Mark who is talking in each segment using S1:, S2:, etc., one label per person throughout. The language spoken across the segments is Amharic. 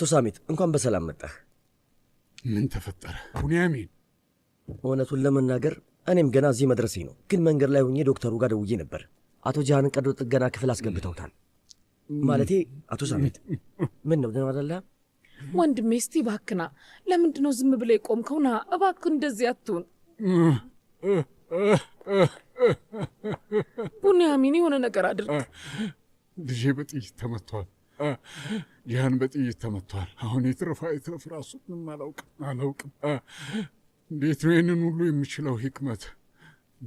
S1: ቱሳሚት እንኳን በሰላም መጣህ።
S2: ምን ተፈጠረ ቡንያሚን?
S1: እውነቱን ለመናገር እኔም ገና እዚህ መድረሴ ነው፣ ግን መንገድ ላይ ሁኜ ዶክተሩ ጋር ደውዬ ነበር። አቶ ጃሃንን ቀዶ ጥገና ክፍል አስገብተውታል። ማለቴ አቶ ሳሚት። ምን ነው ደህና አይደለህም?
S3: ወንድሜ እስቲ እባክና፣ ለምንድን ነው ዝም ብለህ የቆምከውና? እባክ እንደዚህ አትሁን ቡንያሚን፣ የሆነ ነገር አድርግ።
S2: ልጄ በጥይት ተመቷል። ጂሃን በጥይት ተመቷል። አሁን የትረፋ የትረፍ ራሱ ምንም አላውቅም አላውቅም። እንዴት ነው ይህንን ሁሉ የምችለው? ህክመት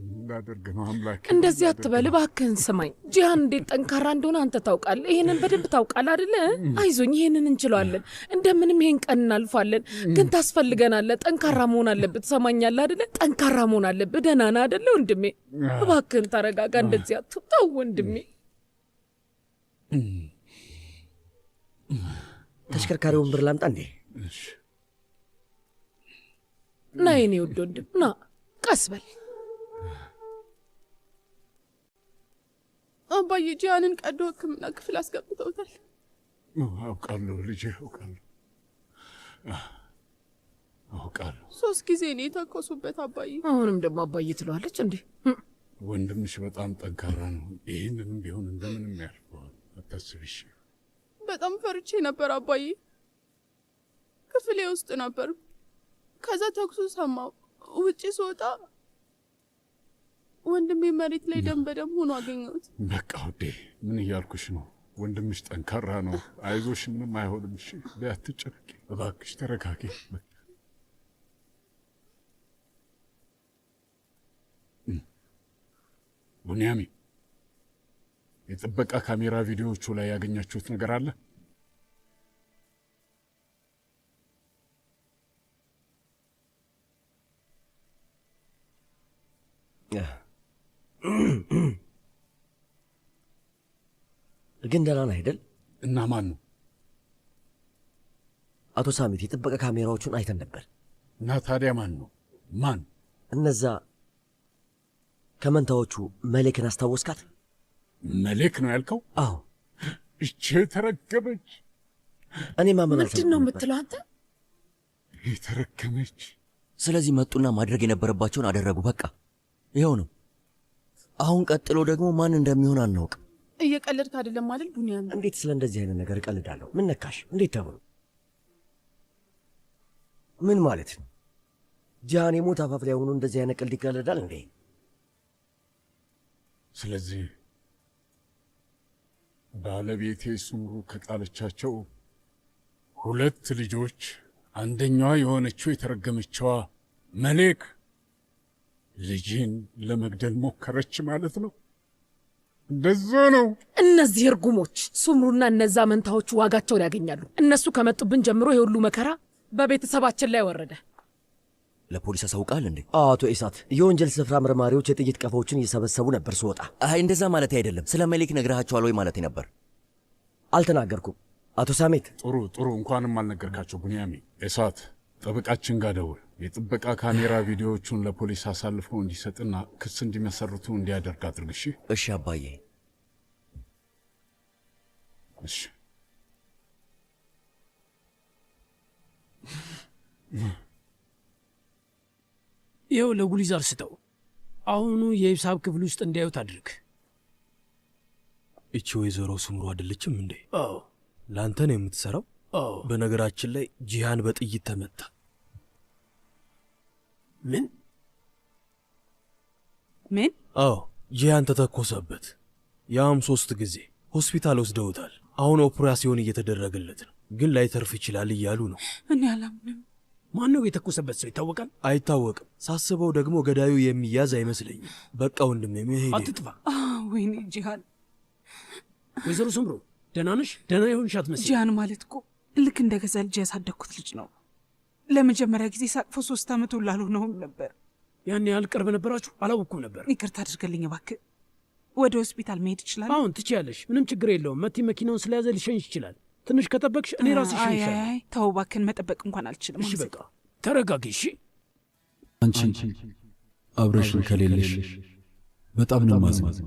S2: እንዳደርግ ነው አምላክ።
S3: እንደዚህ አትበል እባክህን፣ ስማኝ። ጂሃን እንዴት ጠንካራ እንደሆነ አንተ ታውቃለህ። ይህንን በደንብ ታውቃል አይደለ? አይዞኝ፣ ይህንን እንችለዋለን። እንደምንም ይህን ቀን እናልፋለን። ግን ታስፈልገናለህ። ጠንካራ መሆን አለብህ። ትሰማኛለህ አይደለ? ጠንካራ መሆን አለብህ። ደህና ነህ አይደለ ወንድሜ? እባክህን ተረጋጋ። እንደዚህ አትተው ወንድሜ
S1: ተሽከርካሪ ወንበር ላምጣ እንዴ?
S3: ና የኔ ውድ ወንድም ና፣ ቀስ በል አባዬ። ጂያንን ቀዶ ህክምና ክፍል አስገብተውታል።
S2: አውቃለሁ ልጄ፣ አውቃለሁ አውቃለሁ።
S3: ሶስት ጊዜ እኔ የተኮሱበት አባዬ።
S1: አሁንም ደግሞ አባዬ ትለዋለች እንዴ?
S2: ወንድምሽ በጣም ጠንካራ ነው። ይህንንም ቢሆን እንደምንም ያልፈዋል። አታስብሽ
S3: በጣም ፈርቼ ነበር አባዬ። ክፍሌ ውስጥ ነበር። ከዛ ተኩሱ ሰማሁ። ውጪ ስወጣ ወንድሜ መሬት ላይ ደም በደም ሆኖ አገኘሁት።
S2: በቃ ውዴ፣ ምን እያልኩሽ ነው? ወንድምሽ ጠንካራ ነው። አይዞሽ፣ ምንም አይሆንም። እሺ፣ አትጨነቂ እባክሽ፣ ተረጋጊ።
S1: ቡንያሚ የጥበቃ ካሜራ ቪዲዮዎቹ ላይ ያገኛችሁት ነገር አለ? ግን ደህና ነህ አይደል? እና ማን ነው? አቶ ሳሚት የጥበቃ ካሜራዎቹን አይተን ነበር።
S2: እና ታዲያ ማን ነው? ማን?
S1: እነዛ ከመንታዎቹ መልክን አስታወስካት?
S2: መሌክ ነው ያልከው? አዎ። እቼ ተረገመች።
S1: እኔ ማመን
S3: ምንድን ነው የምትለው አንተ?
S2: የተረገመች።
S1: ስለዚህ መጡና ማድረግ የነበረባቸውን አደረጉ። በቃ ይኸው ነው። አሁን ቀጥሎ ደግሞ ማን እንደሚሆን አናውቅም።
S3: እየቀለድክ አይደለም አይደል? ዱኒያ
S1: እንዴት ስለ እንደዚህ አይነት ነገር እቀልዳለሁ? ምን ነካሽ? እንዴት ተብሎ ምን ማለት ነው? ጃኔ ሞት አፋፍ ላይ ሆኖ እንደዚህ አይነት ቀልድ ይቀለዳል እንዴ?
S2: ስለዚህ ባለቤቴ ስምሩ ከጣለቻቸው ሁለት ልጆች አንደኛዋ የሆነችው የተረገመችዋ መሌክ ልጅን ለመግደል ሞከረች ማለት ነው። እንደዛ ነው።
S3: እነዚህ እርጉሞች ስምሩና እነዛ መንታዎቹ ዋጋቸውን ያገኛሉ። እነሱ ከመጡብን ጀምሮ የሁሉ መከራ በቤተሰባችን ላይ ወረደ።
S1: ለፖሊስ አሳውቃል እንዴ? አቶ ኢሳት የወንጀል ስፍራ መርማሪዎች የጥይት ቀፎዎችን እየሰበሰቡ ነበር ስወጣ። አይ እንደዛ ማለት አይደለም። ስለ መሊክ ነግረሃቸዋል ወይ ማለት ነበር። አልተናገርኩም። አቶ ሳሜት
S2: ጥሩ ጥሩ፣ እንኳንም አልነገርካቸው። ቡንያሚ ኢሳት ጠበቃችን ጋር ደውል። የጥበቃ ካሜራ ቪዲዮዎቹን ለፖሊስ አሳልፎ እንዲሰጥና ክስ እንዲመሰርቱ እንዲያደርግ አድርግ። እሺ፣
S1: እሺ አባዬ። እሺ
S3: ይኸው ለጉሊዛር ስጠው። አሁኑ የሂሳብ ክፍል ውስጥ እንዲያዩት አድርግ።
S4: እቺ ወይዘሮ ስምሮ አይደለችም እንዴ? አዎ። ለአንተ ነው የምትሰራው? በነገራችን ላይ ጂሃን በጥይት ተመታ።
S1: ምን
S3: ምን?
S4: አዎ፣ ጂሃን ተተኮሰበት። ያም ሶስት ጊዜ ሆስፒታል ወስደውታል። አሁን ኦፕራሲዮን እየተደረገለት ነው፣ ግን ላይተርፍ ይችላል እያሉ ነው።
S3: እኔ አላምንም።
S1: ነው የተኮሰበት ሰው ይታወቃል?
S4: አይታወቅም። ሳስበው ደግሞ ገዳዩ የሚያዝ አይመስለኝም። በቃ ወንድም መሄድ
S1: አትጥፋ።
S3: ወይኔ ጂሃን።
S1: ወይዘሮ ስምሮ ደህና ነሽ? ደህና የሆንሽ አትመስል።
S3: ጂሃን ማለት እኮ ልክ እንደ ገዛ ልጅ ያሳደግኩት ልጅ ነው። ለመጀመሪያ ጊዜ ሳቅፎ ሶስት ዓመት ሁሉ ነውም ነበር።
S1: ያን ያህል ቅርብ ነበራችሁ? አላወቅኩም ነበር።
S3: ይቅርታ አድርገልኝ እባክህ። ወደ ሆስፒታል መሄድ ይችላል?
S1: አሁን ትችያለሽ። ምንም ችግር የለውም። መቲ መኪናውን ስለያዘ ሊሸኝ ይችላል። ትንሽ ከጠበቅሽ እኔ ራስሽ
S3: ይሻል። ተው እባክህን፣ መጠበቅ እንኳን አልችልም።
S1: እሺ በቃ ተረጋጊ። እሺ
S4: አንቺ አብረሽን ከሌለሽ በጣም ነው ማዝማዝ።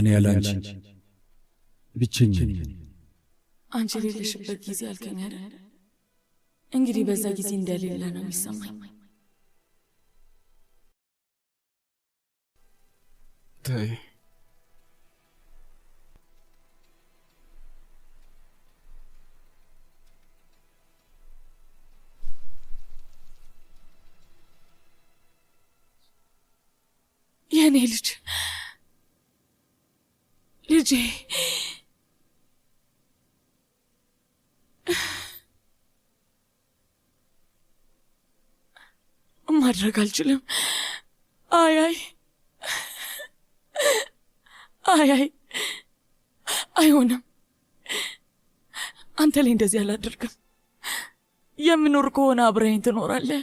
S4: እኔ ያለ አንቺ ብቸኝ።
S3: አንቺ የሌለሽበት ጊዜ አልከኝ አይደል? እንግዲህ በዛ ጊዜ እንደሌለ ነው የሚሰማኝ። ተይ የኔ ልጅ ልጄ ማድረግ አልችልም። አይ አይ አይሆንም። አንተ ላይ እንደዚህ አላደርግም። የምኖር ከሆነ አብረኝ ትኖራለህ።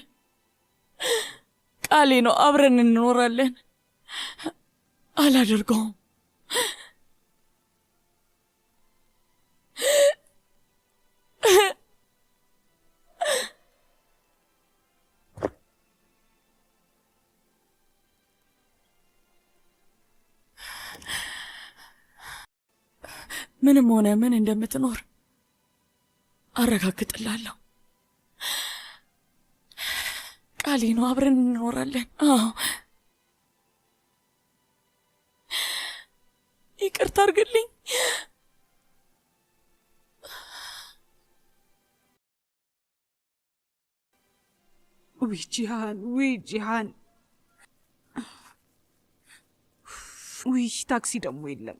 S3: ቃሌ ነው፣ አብረን እንኖራለን። አላደርገውም። ምንም ሆነ ምን እንደምትኖር አረጋግጥላለሁ። ቃሌ ነው። አብረን እንኖራለን። አዎ። ይቅርታ አድርግልኝ። ውይ ጂሃን፣ ውይ ጂሃን፣ ውይ ታክሲ ደግሞ የለም።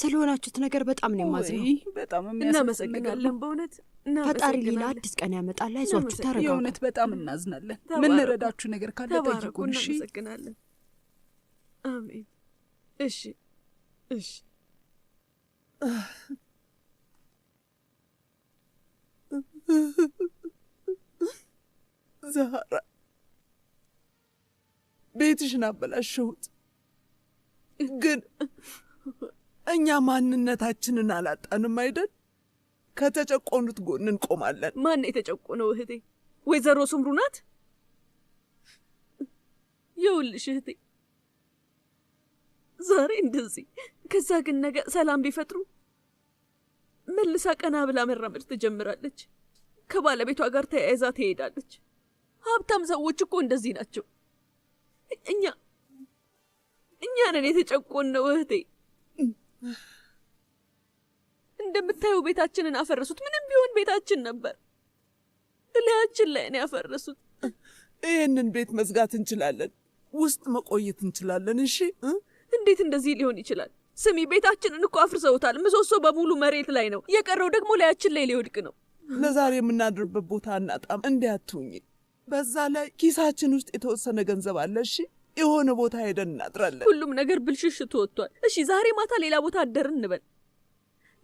S3: ስለሆናችሁት ነገር በጣም ነው የማዝነው። በጣም እናመሰግናለን በእውነት ፈጣሪ ሌላ አዲስ ቀን ያመጣል። አይዟችሁ፣ ተረጋጉ። የእውነት በጣም እናዝናለን። ምንረዳችሁ ነገር ካለ ጠይቁን። እሺ። አሜን። እሺ እሺ። ዛራ ቤትሽን አበላሸሁት፣ ግን እኛ ማንነታችንን አላጣንም አይደል? ከተጨቆኑት ጎን እንቆማለን። ማን የተጨቆነው? እህቴ ወይዘሮ ስምሩ ናት። ይኸውልሽ እህቴ ዛሬ እንደዚህ፣ ከዛ ግን ነገ ሰላም ቢፈጥሩ መልሳ ቀና ብላ መራመድ ትጀምራለች። ከባለቤቷ ጋር ተያይዛ ትሄዳለች። ሀብታም ሰዎች እኮ እንደዚህ ናቸው። እኛ እኛ ነን የተጨቆን ነው እህቴ። እንደምታየው ቤታችንን አፈረሱት። ምንም ቢሆን ቤታችን ነበር፣ እላያችን ላይ ነው ያፈረሱት። ይህንን ቤት መዝጋት እንችላለን፣ ውስጥ መቆየት እንችላለን። እሺ እንዴት እንደዚህ ሊሆን ይችላል? ስሚ፣ ቤታችንን እኮ አፍርሰውታል። ምሰሶ በሙሉ መሬት ላይ ነው፣ የቀረው ደግሞ ላያችን ላይ ሊወድቅ ነው። ለዛሬ የምናድርበት ቦታ እናጣም፣ እንዲያትሁኝ። በዛ ላይ ኪሳችን ውስጥ የተወሰነ ገንዘብ አለ። እሺ፣ የሆነ ቦታ ሄደን እናድራለን። ሁሉም ነገር ብልሽሽት ወጥቷል። እሺ፣ ዛሬ ማታ ሌላ ቦታ አደርን እንበል።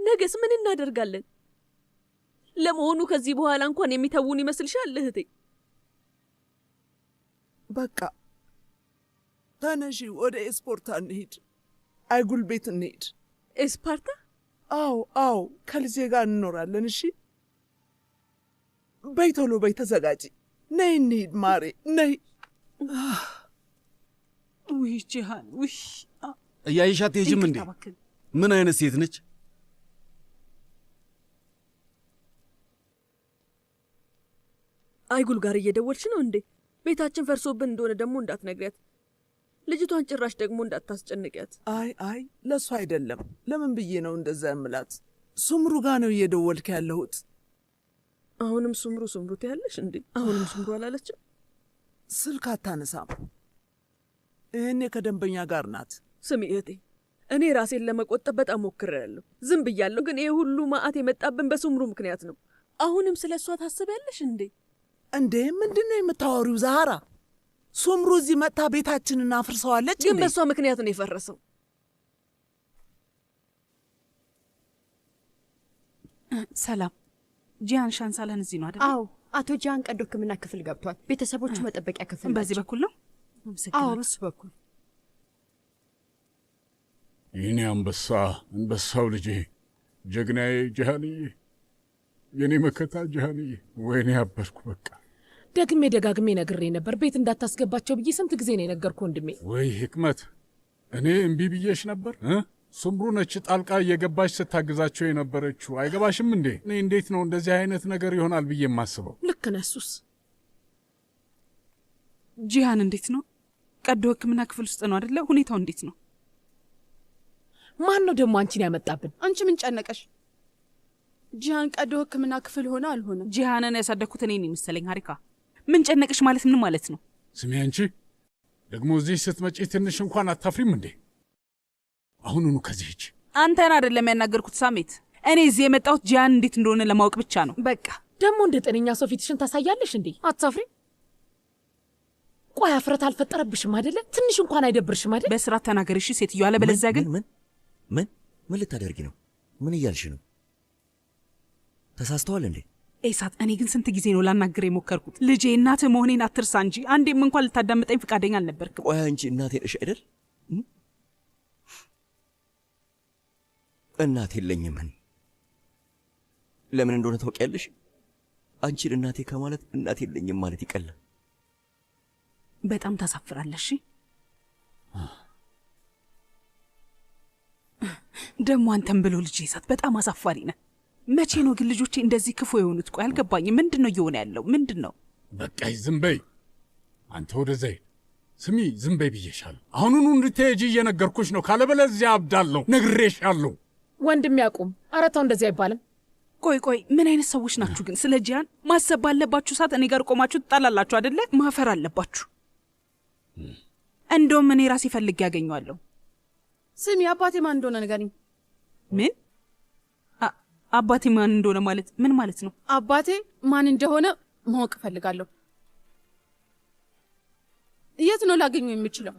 S3: ነገስ ምን እናደርጋለን? ለመሆኑ ከዚህ በኋላ እንኳን የሚተውን ይመስልሻል እህቴ? በቃ ተነሺ፣ ወደ ኤስፖርታ እንሂድ። አይጉል ቤት እንሂድ። ኤስፓርታ? አዎ አዎ፣ ከልጄ ጋር እንኖራለን። እሺ በይ፣ ቶሎ በይ፣ ተዘጋጂ። ነይ እንሂድ ማሬ፣ ነይ። ውይ ጂሃን፣ ውይ
S4: እያየሻት እንዴ? ምን አይነት ሴት ነች?
S3: አይጉል ጋር እየደወልሽ ነው እንዴ? ቤታችን ፈርሶብን እንደሆነ ደግሞ እንዳትነግሪያት። ልጅቷን ጭራሽ ደግሞ እንዳታስጨንቂያት። አይ አይ፣ ለእሱ አይደለም። ለምን ብዬ ነው እንደዛ የምላት? ሱምሩ ጋ ነው እየደወልክ ያለሁት። አሁንም ሱምሩ ሱምሩ ትያለሽ እንዴ? አሁንም ሱምሩ አላለችም። ስልክ አታነሳም። ይህኔ ከደንበኛ ጋር ናት። ስሚ እህቴ፣ እኔ ራሴን ለመቆጠብ በጣም ሞክሬያለሁ፣ ዝም ብያለሁ። ግን ይህ ሁሉ መዓት የመጣብን በሱምሩ ምክንያት ነው። አሁንም ስለ እሷ ታስቢያለሽ እንዴ? እንዴ ምንድን ነው የምታወሪው ዛሃራ? ሱምሩ እዚህ መጥታ ቤታችንን አፍርሰዋለች። ግን በእሷ ምክንያት ነው የፈረሰው። ሰላም፣ ጂያን ሻንሳላን እዚህ ነው አይደል? አዎ፣ አቶ ጂያን ቀዶ ሕክምና ክፍል ገብቷል። ቤተሰቦቹ መጠበቂያ ክፍል በዚህ በኩል ነው። አዎ፣ በሱ በኩል
S2: ይህኔ አንበሳ፣ አንበሳው ልጄ፣ ጀግናዬ ጃሃንዬ፣ የኔ መከታ ጃሃንዬ፣ ወይኔ አበርኩ በቃ
S3: ደግሜ ደጋግሜ ነግሬ ነበር ቤት እንዳታስገባቸው ብዬ ስንት ጊዜ ነው የነገርኩ ወንድሜ።
S2: ወይ ህክመት፣ እኔ እምቢ ብዬሽ ነበር። ስምሩ ነች ጣልቃ እየገባች ስታግዛቸው የነበረችው። አይገባሽም እንዴ? እኔ እንዴት ነው እንደዚህ አይነት ነገር ይሆናል ብዬ የማስበው።
S3: ልክ ነህ። ጂሃን እንዴት ነው? ቀዶ ህክምና ክፍል ውስጥ ነው አደለ? ሁኔታው እንዴት ነው? ማን ነው ደግሞ አንቺን ያመጣብን? አንቺ ምን ጨነቀሽ? ጂሃን ቀዶ ህክምና ክፍል ሆነ አልሆነ ጂሃንን ያሳደግኩት እኔ መሰለኝ ሀሪካ ምን ጨነቅሽ ማለት ምን ማለት ነው?
S2: ስሚ አንቺ ደግሞ እዚህ ስትመጪ ትንሽ እንኳን አታፍሪም እንዴ? አሁኑኑ ከዚህ ሂጂ።
S3: አንተን አይደለም ያናገርኩት ሳሜት፣ እኔ እዚህ የመጣሁት ጂያን እንዴት እንደሆነ ለማወቅ ብቻ ነው። በቃ ደግሞ እንደ ጤነኛ ሰው ፊትሽን ታሳያለሽ እንዴ? አታፍሪ? ቆይ አፍረት አልፈጠረብሽም አይደለ? ትንሽ እንኳን አይደብርሽም አይደል? በስርዓት ተናገርሽ ሴትዮ፣ አለበለዚያ
S1: ግን ምን ምን ምን ልታደርጊ ነው? ምን እያልሽ ነው? ተሳስተዋል እንዴ?
S3: ኤሳት እኔ ግን ስንት ጊዜ ነው ላናገር የሞከርኩት? ልጄ እናት መሆኔን አትርሳ እንጂ አንዴም እንኳን ልታዳምጠኝ ፈቃደኛ አልነበርክም።
S1: ቆይ አንቺ እናቴ ነሽ አይደል? እናት የለኝምን ለምን እንደሆነ ታውቂያለሽ? አንቺን እናቴ ከማለት እናት የለኝም ማለት ይቀላል።
S3: በጣም ታሳፍራለሽ። ደግሞ አንተን ብሎ ልጅ ኤሳት በጣም አሳፋሪ ነህ። መቼ ነው ግን ልጆቼ እንደዚህ ክፉ የሆኑት? ቆይ አልገባኝም። ምንድን ነው እየሆነ ያለው? ምንድን ነው?
S2: በቃይ ዝም በይ አንተ። ወደዛ ስሚ፣ ዝም በይ ብዬሻለሁ። አሁኑኑ እንድትሄጂ እየነገርኩሽ ነው፣ ካለበለዚያ አብዳለሁ። ነግሬሻለሁ።
S3: ወንድም ያቁም። ኧረ ተው፣ እንደዚህ አይባልም። ቆይ ቆይ፣ ምን አይነት ሰዎች ናችሁ ግን? ስለ ጂያን ማሰብ ባለባችሁ ሰዓት እኔ ጋር ቆማችሁ ትጣላላችሁ አደለ? ማፈር አለባችሁ። እንደውም እኔ ራሴ ፈልጌ ያገኘዋለሁ። ስሚ፣ አባቴ ማን እንደሆነ ንገሪኝ። ምን አባቴ ማን እንደሆነ ማለት ምን ማለት ነው? አባቴ ማን እንደሆነ ማወቅ እፈልጋለሁ። የት ነው ላገኘው የምችለው?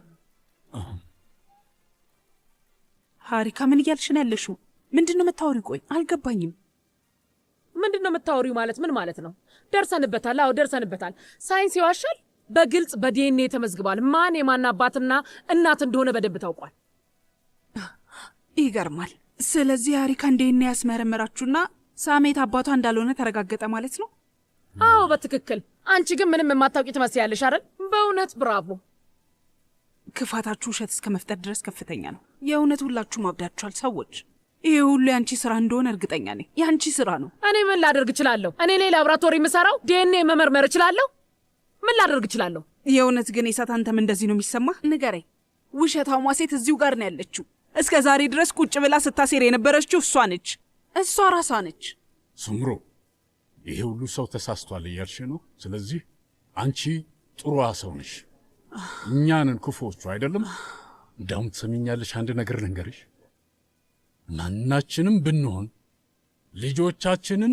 S3: ሀሪካ ምን እያልሽ ነው ያለሽው? ምንድን ነው የምታወሪው? ቆይ አልገባኝም። ምንድን ነው የምታወሪው ማለት ምን ማለት ነው? ደርሰንበታል። አዎ ደርሰንበታል። ሳይንስ ይዋሻል። በግልጽ በዲኤንኤ ተመዝግቧል። ማን የማን አባትና እናት እንደሆነ በደንብ ታውቋል። ይገርማል። ስለዚህ ሀሪካ እንዴና ያስመረመራችሁና ሳሜት አባቷ እንዳልሆነ ተረጋገጠ ማለት ነው? አዎ በትክክል። አንቺ ግን ምንም የማታውቂ ትመስያለሽ አይደል? በእውነት ብራቮ። ክፋታችሁ ውሸት እስከ መፍጠር ድረስ ከፍተኛ ነው። የእውነት ሁላችሁ ማብዳችኋል ሰዎች። ይሄ ሁሉ የአንቺ ስራ እንደሆነ እርግጠኛ ነኝ። የአንቺ ስራ ነው። እኔ ምን ላደርግ እችላለሁ? እኔ ላይ ላብራቶሪ የምሰራው ዲኤንኤ መመርመር እችላለሁ? ምን ላደርግ እችላለሁ? የእውነት ግን የሳት አንተም እንደዚህ ነው የሚሰማህ? ንገረኝ። ውሸታሟ ሴት እዚሁ ጋር ነው ያለችው። እስከ ዛሬ ድረስ ቁጭ ብላ ስታሴር የነበረችው እሷ ነች፣ እሷ ራሷ ነች።
S2: ስምሮ፣ ይሄ ሁሉ ሰው ተሳስቷል እያልሽ ነው። ስለዚህ አንቺ ጥሩ ሰው ነሽ፣ እኛንን ክፉዎቹ አይደለም። እንዳውም ትሰሚኛለሽ፣ አንድ ነገር ልንገርሽ፣ ማናችንም ብንሆን ልጆቻችንን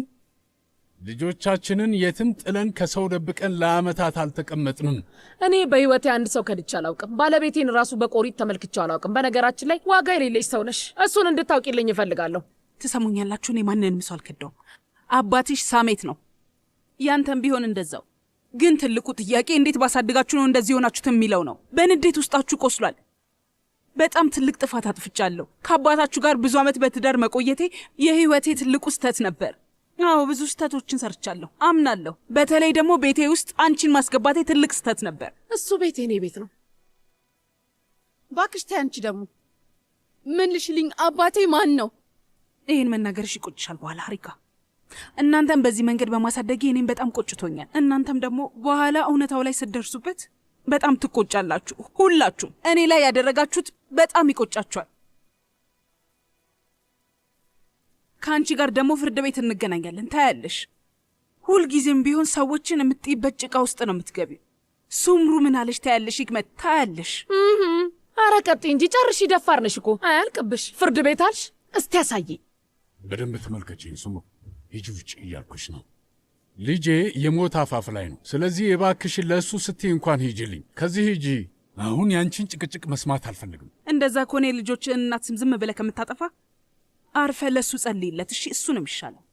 S2: ልጆቻችንን የትም ጥለን ከሰው ደብቀን ለአመታት አልተቀመጥንም።
S3: እኔ በህይወት አንድ ሰው ከድቼ አላውቅም። ባለቤቴን ራሱ በቆሪት ተመልክቼው አላውቅም። በነገራችን ላይ ዋጋ የሌለች ሰው ነሽ። እሱን እንድታውቂልኝ እፈልጋለሁ። ትሰሙኛላችሁ? እኔ ማንንም ሰው አልከዳውም። አባትሽ ሳሜት ነው፣ ያንተም ቢሆን እንደዛው። ግን ትልቁ ጥያቄ እንዴት ባሳድጋችሁ ነው እንደዚህ የሆናችሁት የሚለው ነው። በንዴት ውስጣችሁ ቆስሏል። በጣም ትልቅ ጥፋት አጥፍቻለሁ። ከአባታችሁ ጋር ብዙ ዓመት በትዳር መቆየቴ የህይወቴ ትልቁ ስህተት ነበር። አዎ ብዙ ስህተቶችን ሰርቻለሁ አምናለሁ። በተለይ ደግሞ ቤቴ ውስጥ አንቺን ማስገባቴ ትልቅ ስህተት ነበር። እሱ ቤቴ እኔ ቤት ነው። እባክሽ ተይ። አንቺ ደግሞ ምን ልሽልኝ? አባቴ ማን ነው? ይህን መናገርሽ ይቆጭሻል በኋላ ሪካ። እናንተም በዚህ መንገድ በማሳደጌ እኔም በጣም ቆጭቶኛል። እናንተም ደግሞ በኋላ እውነታው ላይ ስትደርሱበት በጣም ትቆጫላችሁ። ሁላችሁም እኔ ላይ ያደረጋችሁት በጣም ይቆጫችኋል። ከአንቺ ጋር ደግሞ ፍርድ ቤት እንገናኛለን፣ ታያለሽ። ሁልጊዜም ቢሆን ሰዎችን የምትይበት ጭቃ ውስጥ ነው የምትገቢ። ሱምሩ ምን አለሽ? ታያለሽ ሂክመት፣ ታያለሽ። አረ ቀጤ እንጂ ጨርሽ። ይደፋር ነሽ እኮ አያልቅብሽ። ፍርድ ቤት አልሽ፣ እስቲ ያሳይ።
S2: በደንብ ተመልከችኝ ሱምሩ፣ ሂጂ ውጭ እያልኩሽ ነው። ልጄ የሞት አፋፍ ላይ ነው። ስለዚህ የባክሽን ለእሱ ስቲ እንኳን ሂጂልኝ፣ ከዚህ ሂጂ። አሁን ያንቺን ጭቅጭቅ መስማት አልፈልግም።
S3: እንደዛ ከሆነ የልጆች እናት ስም ዝም ብለህ ከምታጠፋ አርፈ ለእሱ ጸልይለት። እሺ፣ እሱ ነው የሚሻለው።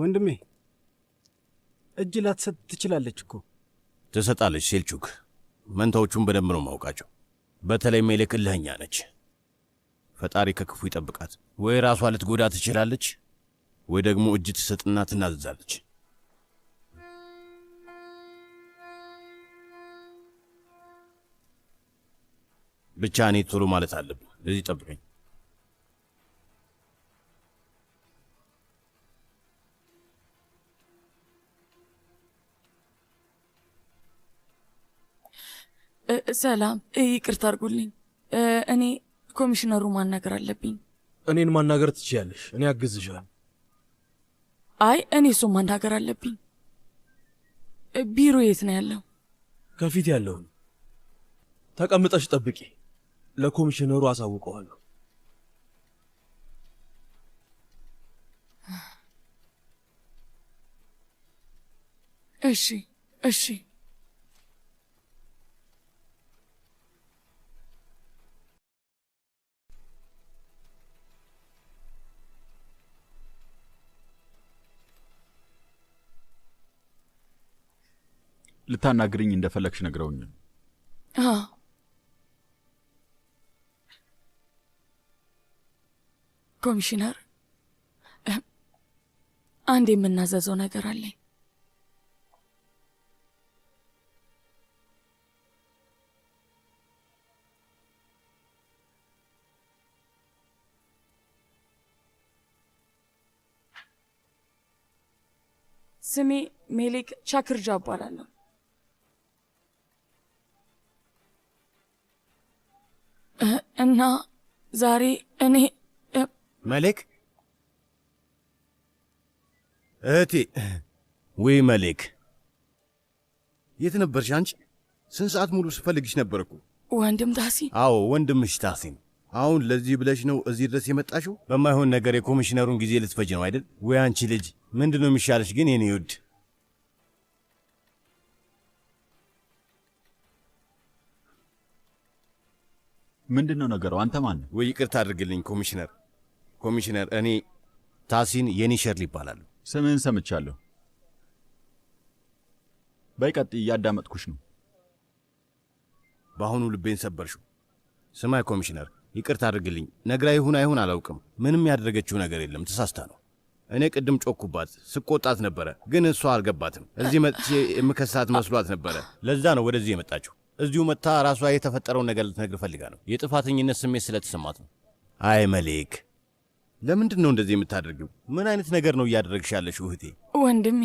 S1: ወንድሜ እጅ ላትሰጥ ትችላለች እኮ።
S4: ትሰጣለች ሴልቹክ። መንታዎቹን በደንብ ነው ማውቃቸው። በተለይ ሜሌክ እልህኛ ነች። ፈጣሪ ከክፉ ይጠብቃት። ወይ ራሷ ልትጎዳ ትችላለች፣ ወይ ደግሞ እጅ ትሰጥና ትናዘዛለች። ብቻ እኔ ቶሎ ማለት አለብን። ለዚህ ጠብቀኝ።
S3: ሰላም፣ ይቅርታ አድርጉልኝ። እኔ ኮሚሽነሩ ማናገር አለብኝ።
S4: እኔን ማናገር ትችያለሽ፣ እኔ አግዝሻል።
S3: አይ እኔ እሱን ማናገር አለብኝ። ቢሮ የት ነው ያለው?
S4: ከፊት ያለውን ተቀምጠሽ ጠብቂ፣ ለኮሚሽነሩ አሳውቀዋለሁ።
S3: እሺ፣ እሺ።
S4: ልታናግርኝ እንደፈለግሽ ነግረውኝ።
S3: ኮሚሽነር፣ አንድ የምናዘዘው ነገር አለኝ። ስሜ ሜሌክ ቻክርጃ እባላለሁ። እና ዛሬ እኔ
S4: መሌክ እህቴ፣ ወይ መሌክ፣ የት ነበርሽ አንቺ? ስንት ሰዓት ሙሉ ስፈልግሽ ነበርኩ።
S3: ወንድም ታሲን?
S4: አዎ ወንድምሽ ታሲን። አሁን ለዚህ ብለሽ ነው እዚህ ድረስ የመጣሽው? በማይሆን ነገር የኮሚሽነሩን ጊዜ ልትፈጅ ነው አይደል? ወይ አንቺ ልጅ፣ ምንድን ነው የሚሻለሽ ግን የኔ ውድ? ምንድን ነው ነገረው? አንተ ማን? ወይ ይቅርታ አድርግልኝ ኮሚሽነር። ኮሚሽነር እኔ ታሲን የኒሸርል ሸርል ይባላሉ።
S1: ስምህን ሰምቻለሁ። በይቀጥ እያዳመጥኩሽ ነው።
S4: በአሁኑ ልቤን ሰበርሹ። ስማይ ኮሚሽነር ይቅርታ አድርግልኝ። ነግራ ይሁን አይሁን አላውቅም። ምንም ያደረገችው ነገር የለም። ተሳስታ ነው። እኔ ቅድም ጮኩባት ስቆጣት ነበረ፣ ግን እሷ አልገባትም። እዚህ መጥቼ የምከሳት መስሏት ነበረ። ለዛ ነው ወደዚህ የመጣችው። እዚሁ መታ ራሷ የተፈጠረውን ነገር ልትነግር ፈልጋ ነው። የጥፋተኝነት ስሜት ስለተሰማት ነው። አይ መሌክ፣ ለምንድን ነው እንደዚህ የምታደርጊው? ምን አይነት ነገር ነው እያደረግሽ ያለሽ? እህቴ
S3: ወንድሜ፣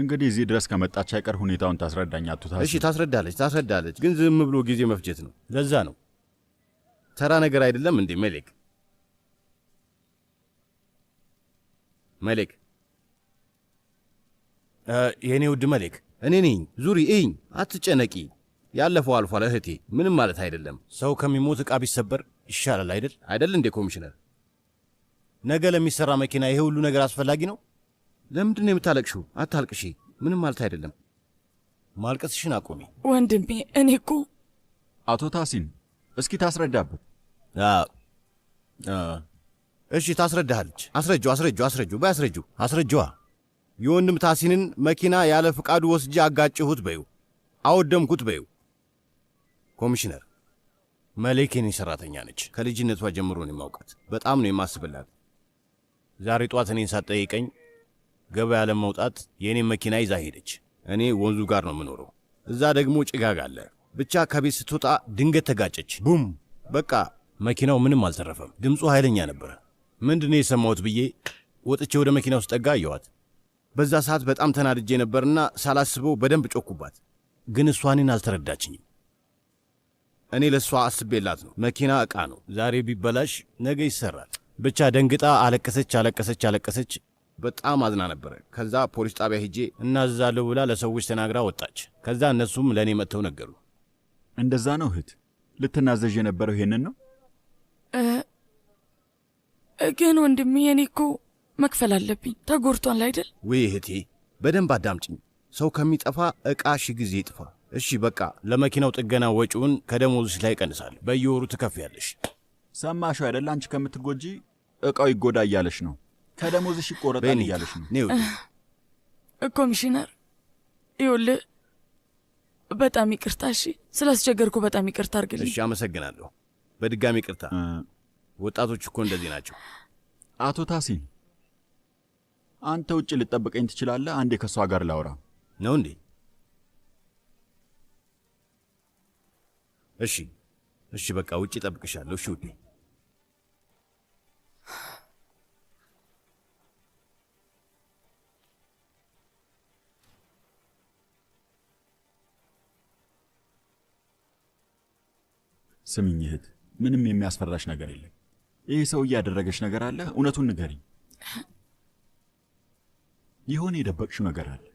S1: እንግዲህ እዚህ ድረስ ከመጣች አይቀር ሁኔታውን ታስረዳኛ።
S4: እሺ፣ ታስረዳለች ታስረዳለች፣ ግን ዝም ብሎ ጊዜ መፍጀት ነው። ለዛ ነው ተራ ነገር አይደለም እንዴ መሌክ መሌክ፣ የእኔ ውድ መሌክ እኔ ነኝ። ዙሪ እኝ፣ አትጨነቂ። ያለፈው አልፏል እህቴ፣ ምንም ማለት አይደለም። ሰው ከሚሞት ዕቃ ቢሰበር ይሻላል አይደል? አይደል እንዴ ኮሚሽነር? ነገ ለሚሰራ መኪና ይሄ ሁሉ ነገር አስፈላጊ ነው? ለምንድን ነው የምታለቅሽው? አታልቅሺ፣ ምንም ማለት አይደለም። ማልቀስሽን አቁሚ
S3: ወንድሜ። እኔ እኮ
S1: አቶ ታሲን፣ እስኪ ታስረዳበት።
S4: እሺ ታስረዳሃለች። አስረጁ፣ አስረጁ፣ አስረጁ፣ ባይ አስረጁ፣ አስረጁዋ የወንድም ታሲንን መኪና ያለ ፍቃዱ ወስጄ አጋጭሁት በዩ፣ አወደምኩት በዩ። ኮሚሽነር መሌክ የኔ ሠራተኛ ነች። ከልጅነቷ ጀምሮ ነው የማውቃት። በጣም ነው የማስብላት። ዛሬ ጧት እኔን ሳትጠይቀኝ ገበያ ለመውጣት የእኔ መኪና ይዛ ሄደች። እኔ ወንዙ ጋር ነው የምኖረው። እዛ ደግሞ ጭጋግ አለ። ብቻ ከቤት ስትወጣ ድንገት ተጋጨች። ቡም! በቃ መኪናው ምንም አልተረፈም። ድምፁ ኃይለኛ ነበረ። ምንድን ነው የሰማሁት ብዬ ወጥቼ ወደ መኪናው ስጠጋ አየኋት። በዛ ሰዓት በጣም ተናድጄ ነበርና ሳላስበው በደንብ ጮኩባት። ግን እሷ እኔን አልተረዳችኝም። እኔ ለእሷ አስቤላት ነው። መኪና ዕቃ ነው። ዛሬ ቢበላሽ ነገ ይሰራል። ብቻ ደንግጣ አለቀሰች፣ አለቀሰች፣ አለቀሰች። በጣም አዝና ነበረ። ከዛ ፖሊስ ጣቢያ ሄጄ እናዝዛለሁ ብላ ለሰዎች ተናግራ ወጣች። ከዛ እነሱም ለእኔ መጥተው ነገሩ።
S1: እንደዛ ነው እህት። ልትናዘዥ የነበረው ይሄንን ነው።
S3: ግን ወንድሜ የኔ እኮ መክፈል አለብኝ። ተጎድቷል አይደል?
S4: ውይ እህቴ በደንብ አዳምጭኝ። ሰው ከሚጠፋ እቃ ሺ ጊዜ ይጥፋ። እሺ በቃ ለመኪናው ጥገና ወጪውን ከደሞዝሽ ላይ ቀንሳል። በየወሩ ትከፍያለሽ።
S1: ሰማሽ አይደል? አንቺ ከምትጎጂ እቃው ይጎዳ እያለሽ ነው። ከደሞዝሽ ይቆረጣል እያለሽ
S4: ነው።
S3: ኮሚሽነር ይኸውልህ፣ በጣም ይቅርታ። እሺ ስላስቸገርኩ በጣም ይቅርታ አድርግልኝ።
S4: እሺ አመሰግናለሁ። በድጋሚ ይቅርታ። ወጣቶች እኮ እንደዚህ ናቸው።
S1: አቶ ታሲን አንተ ውጭ ልጠብቀኝ ትችላለህ? አንዴ ከእሷ ጋር ላውራ
S4: ነው እንዴ? እሺ እሺ፣ በቃ ውጭ እጠብቅሻለሁ። እሺ ውዴ።
S1: ስምኝ እህት፣ ምንም የሚያስፈራሽ ነገር የለም። ይህ ሰው እያደረገች ነገር አለ፣ እውነቱን ንገሪኝ። የሆነ የደበቅሽው ነገር አለ